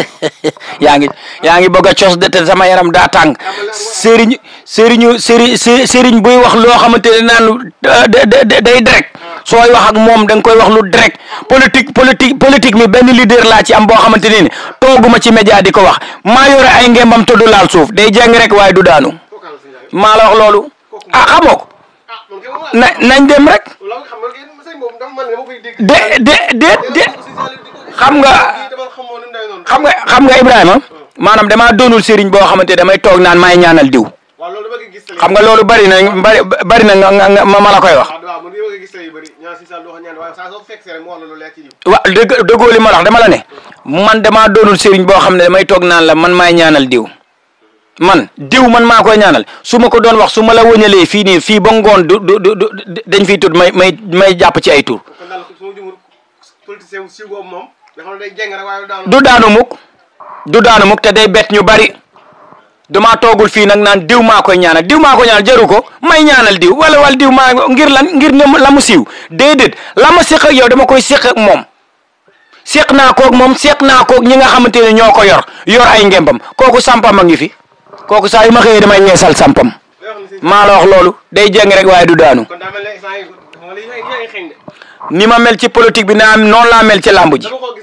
yaa ngi yaa ngi a cos de te sama yaram daa tàng sëriñ sëriñu sëriñ sëriñ buy wax loo xamante ne naan euh, day direct sooy wax moom da koy wax lu direct politique politique politique mi benn leader laa ci am boo xamante ne ni tooguma ci média di ko wax maa yore ay ngembam te du laal suuf day jàng rek waaye du daanu maa la wax loolu ah xamoo ko na nañ dem rek de de de de xam nga. xam nga xam nga Ibrahima hmm. maanaam damaa doonul sëriñ boo xamante damay toog naan maay ñaanal diw xam nga loolu bari na bari na nga ma la koy wax. waaw dëgg dëggoo li ma wax dama la ne man damaa doonul sëriñ boo xam ne damay toog naan la man maay ñaanal diw man diw man maa koy ñaanal su ma ko doon wax su ma la wëñalee fii nii fii ba ngoon du du du dañ fiy tudd may may may jàpp ci ay tur. du daanu mukk du daanu mukk te day bett ñu bari damaa toogul fii nag naan diw maa koy ñaanal diw maa koy ñaanal jaru ko may ñaanal diw wala wala diw maa ngir lan ngir ne la mu siiw déedéet la ma séq yow dama koy séq moom séq naa koog moom séq naa koog ñi nga xamante ne ñoo ko yor yor ay ngembam kooku sampam a ngi fi kooku saa yu ma xëyee damay ñeesal sampam maa la wax loolu day jéng rek waaye du daanu ni ma mel ci politique bi naa noonu laa mel ci làmb ji